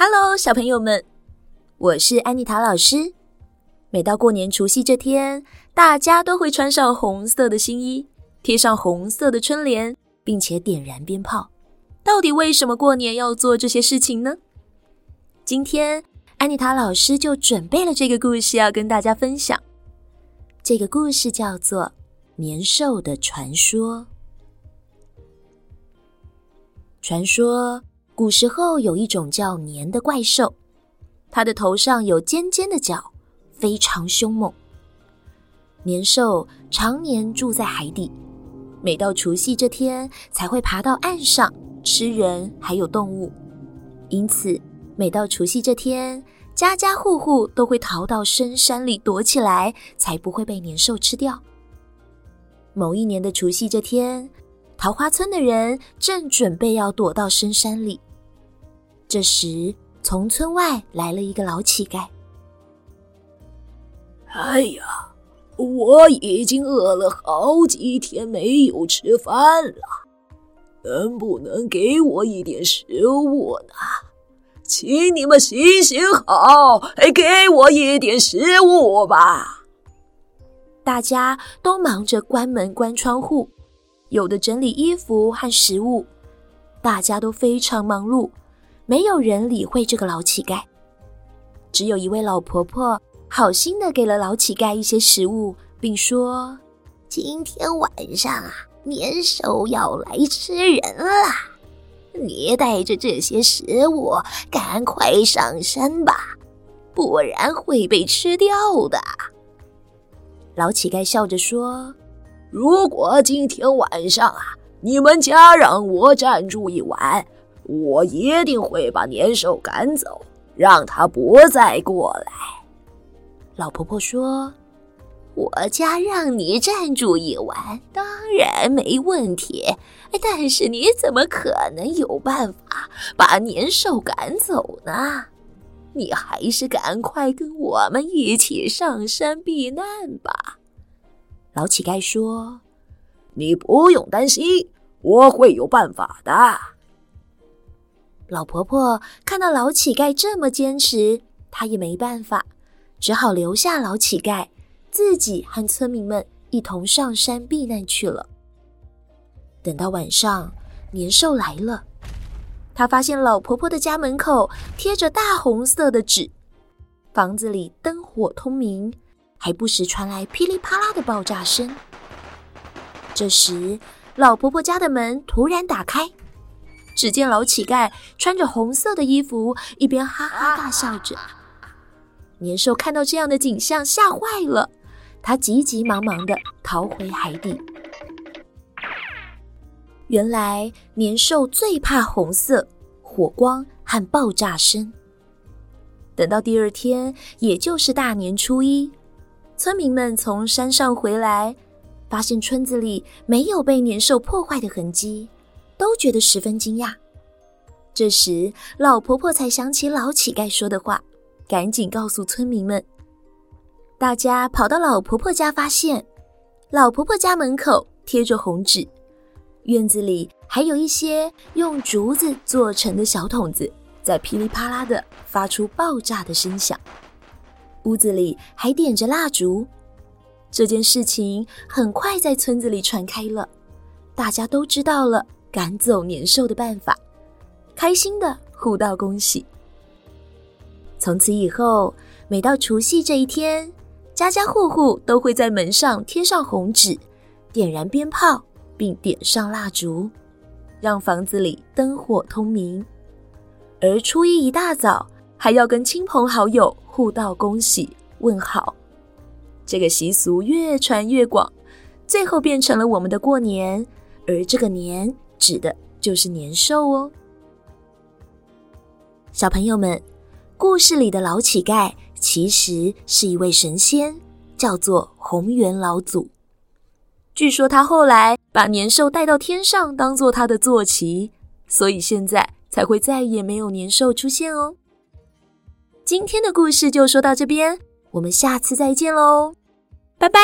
哈嘍，Hello, 小朋友們，我是安妮塔老師。每到過年除夕這天，大家都會穿上紅色的新衣，貼上紅色的春聯，並且點燃鞭炮。到底為什麼過年要做這些事情呢？今天安妮塔老師就準備了這個故事要跟大家分享。這個故事叫做《年獸的傳說》。傳說。古時候有一種叫年的怪獸，它的頭上有尖尖的角，非常兇猛。年獸常年住在海底，每到除夕這天才會爬到岸上吃人還有動物。因此，每到除夕這天，家家戶戶都會逃到深山裡躲起來，才不會被年獸吃掉。某一年的除夕這天，桃花村的人正準備要躲到深山裡。這時，從村外來了一個老乞丐。“哎呀，我已經餓了好幾天沒有吃飯了，能不能給我一點食物呢？請你們行行好，哎，給我一點食物吧！”大家都忙着關門、關窗戶，有的整理衣服和食物，大家都非常忙碌。沒有人理會這個老乞丐，只有一位老婆婆好心地給了老乞丐一些食物，並說：“今天晚上啊，年獸要來吃人啦，你帶着這些食物趕快上山吧，不然會被吃掉的。”老乞丐笑着說：“如果今天晚上啊，你們家讓我暫住一晚。”我一定會把年獸趕走，讓它不再過來。老婆婆說：“我家讓你暫住一晚，當然沒問題。但是你怎麼可能有辦法把年獸趕走呢？你還是趕快跟我們一起上山避難吧。”老乞丐說：“你不用擔心，我會有辦法的。”老婆婆看到老乞丐這麼堅持，她也沒辦法，只好留下老乞丐，自己和村民們一同上山避難去了。等到晚上，年獸來了，他發現老婆婆的家門口貼着大紅色的紙，房子裡燈火通明，還不時傳來噼里啪啦的爆炸聲。這時，老婆婆家的門突然打開。只見老乞丐穿着紅色的衣服，一邊哈哈大笑着。年獸看到這樣的景象，嚇壞了，他急急忙忙的逃回海底。原來年獸最怕紅色、火光和爆炸聲。等到第二天，也就是大年初一，村民們從山上回來，發現村子裡沒有被年獸破壞的痕跡，都覺得十分驚訝。這時，老婆婆才想起老乞丐說的話，趕緊告訴村民們。大家跑到老婆婆家，發現老婆婆家門口貼着紅紙，院子裡還有一些用竹子做成的小桶子，在噼里啪啦的發出爆炸的聲響。屋子裡還點着蠟燭。這件事情很快在村子裡傳開了，大家都知道了。趕走年獸的辦法，開心的互道恭喜。從此以後，每到除夕這一天，家家戶戶都會在門上貼上紅紙，點燃鞭炮，並點上蠟燭，讓房子裡燈火通明。而初一一大早，還要跟親朋好友互道恭喜，問好。這個習俗越傳越廣，最後變成了我們的過年。而這個年，指的就是年獸哦，小朋友們，故事裡的老乞丐其實是一位神仙，叫做紅源老祖。據說他後來把年獸帶到天上，當做他的坐騎，所以現在才會再也沒有年獸出現哦。今天的故事就說到這邊，我們下次再見嘍，拜拜。